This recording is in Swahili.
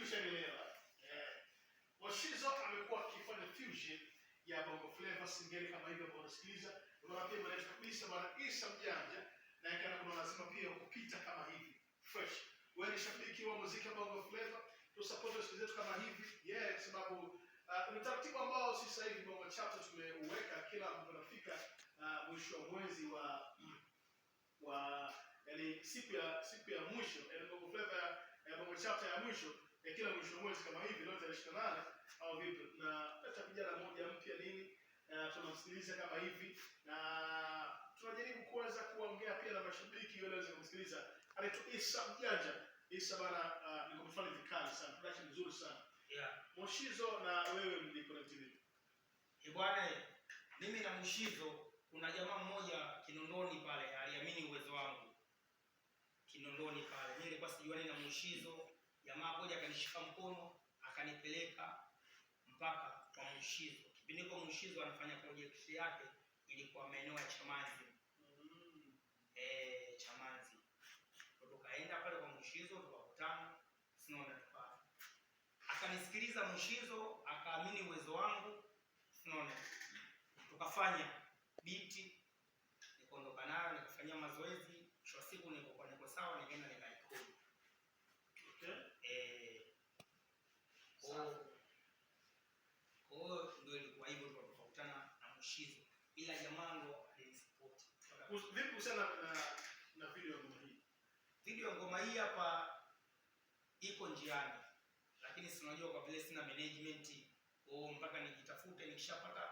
Tushanielewa. Eh, Wasizo amekuwa akifanya fusion ya bongo flava singeli kama hivyo ambao unasikiliza. Unaona pia mwanamke kabisa bwana Isa Mjanja na yeye kuna lazima pia kupita kama hivi. Fresh. Wewe ni shabiki wa muziki wa bongo flava, tu support wasikilize zetu kama hivi. Yeah, sababu Uh, utaratibu ambao si sasa hivi Bongo Chapter tumeuweka kila mtu anafika uh, mwisho wa mwezi wa wa yani siku ya siku ya mwisho ya Bongo Flava ya Bongo Chapter ya mwisho ya kila mwisho wa mwezi kama hivi leo tarehe 28 au vipi, na leta vijana moja mpya nini, na eh, tunamsikiliza kama hivi, na tunajaribu kuweza kuongea pia na mashabiki wale waweze kumsikiliza. Anaitwa Isa Mjanja. Isa bana, uh, ah, nilikufanya vikali sana, production nzuri sana yeah. Moshizo na wewe mlipo na TV e bwana, mimi na Moshizo, kuna jamaa mmoja Kinondoni pale aliamini uwezo wangu Kinondoni pale, mimi nilikuwa sijuani na Moshizo mmoja akanishika mkono akanipeleka mpaka kwa Mwishizo. Kipindi kwa Mwishizo anafanya project yake ilikuwa maeneo ya Chamanzi. Mm. Eh, Tukaenda pale kwa Mwishizo tukakutana, tunaona Akanisikiliza Mwishizo, akaamini uwezo wangu. Tunaona. Tukafanya biti nikaondoka nayo nikafanyia mazoezi, mwisho wa siku nilipokuwa niko sawa nikaenda Vipi kuhusiana na, na video ya ngoma hii? Video ya ngoma hii hapa iko njiani, lakini si unajua kwa vile sina management, oh, mpaka nijitafute, nikishapata